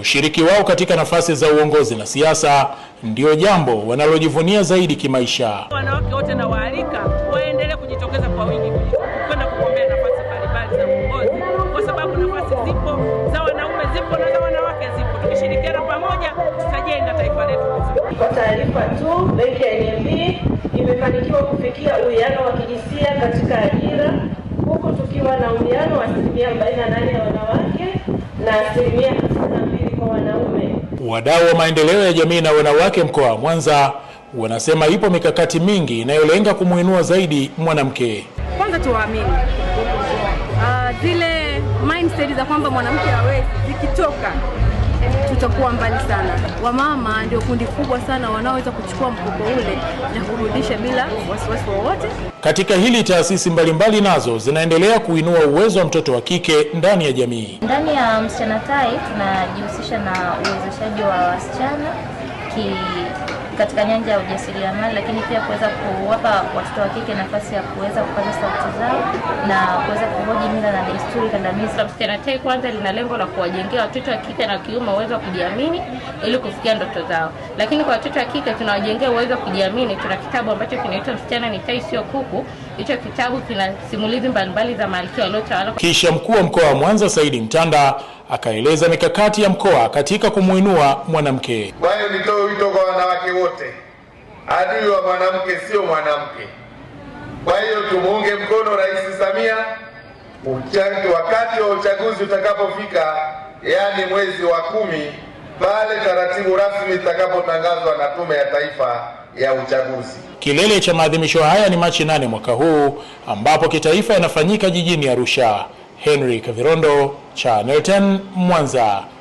Ushiriki wao katika nafasi za uongozi na siasa ndio jambo wanalojivunia zaidi kimaisha. Wanawake wote na waalika waendelee kujitokeza kwa wingi kwenda kugombea nafasi mbalimbali za uongozi, kwa sababu nafasi zipo za wanaume zipo na za wanawake zipo. Tukishirikiana pamoja, tutajenga taifa letu. Kwa taarifa tu, benki ya NMB imefanikiwa kufikia uwiano wa kijinsia katika ajira huku tukiwa na uwiano wa asilimia 48 ya wanawake na asilimia Wadau wa maendeleo ya jamii na wanawake mkoa wa Mwanza wanasema ipo mikakati mingi inayolenga kumwinua zaidi mwanamke. Kwanza tuwaamini ah, zile mindset za kwamba mwanamke hawezi zikitoka tutakuwa mbali sana. Wamama ndio kundi kubwa sana wanaoweza kuchukua mkopo ule na kurudisha bila wasiwasi wowote. Katika hili taasisi mbalimbali nazo zinaendelea kuinua uwezo wa mtoto wa kike ndani ya jamii. Ndani ya Msichana Tai tunajihusisha na uwezeshaji wa wasichana ki katika nyanja ya ujasiriamali, lakini pia kuweza kuwapa watoto wa kike nafasi ya kuweza kupata sauti zao na kuweza kuhoji mila na desturi kandamizi. Msichana Tai kwanza lina lengo la kuwajengea watoto wa kike na kiume uwezo wa kujiamini ili kufikia ndoto zao, lakini kwa watoto wa kike tunawajengea uwezo wa kujiamini. Tuna kitabu ambacho kinaitwa Msichana ni Tai Sio Kuku. Hicho kitabu kina simulizi mbalimbali za malkia waliotawala. Kisha mkuu wa mkoa wa Mwanza Saidi Mtanda akaeleza mikakati ya mkoa katika kumwinua mwanamke. Bwana nitoe wito wanawake wote. Adui wa mwanamke sio mwanamke. Kwa hiyo tumuunge mkono Rais Samia uchangi, wakati wa uchaguzi utakapofika, yaani mwezi wa kumi, pale taratibu rasmi zitakapotangazwa na Tume ya Taifa ya Uchaguzi. Kilele cha maadhimisho haya ni Machi nane mwaka huu ambapo kitaifa yanafanyika jijini Arusha. Henry Kavirondo, Channel 10 Mwanza.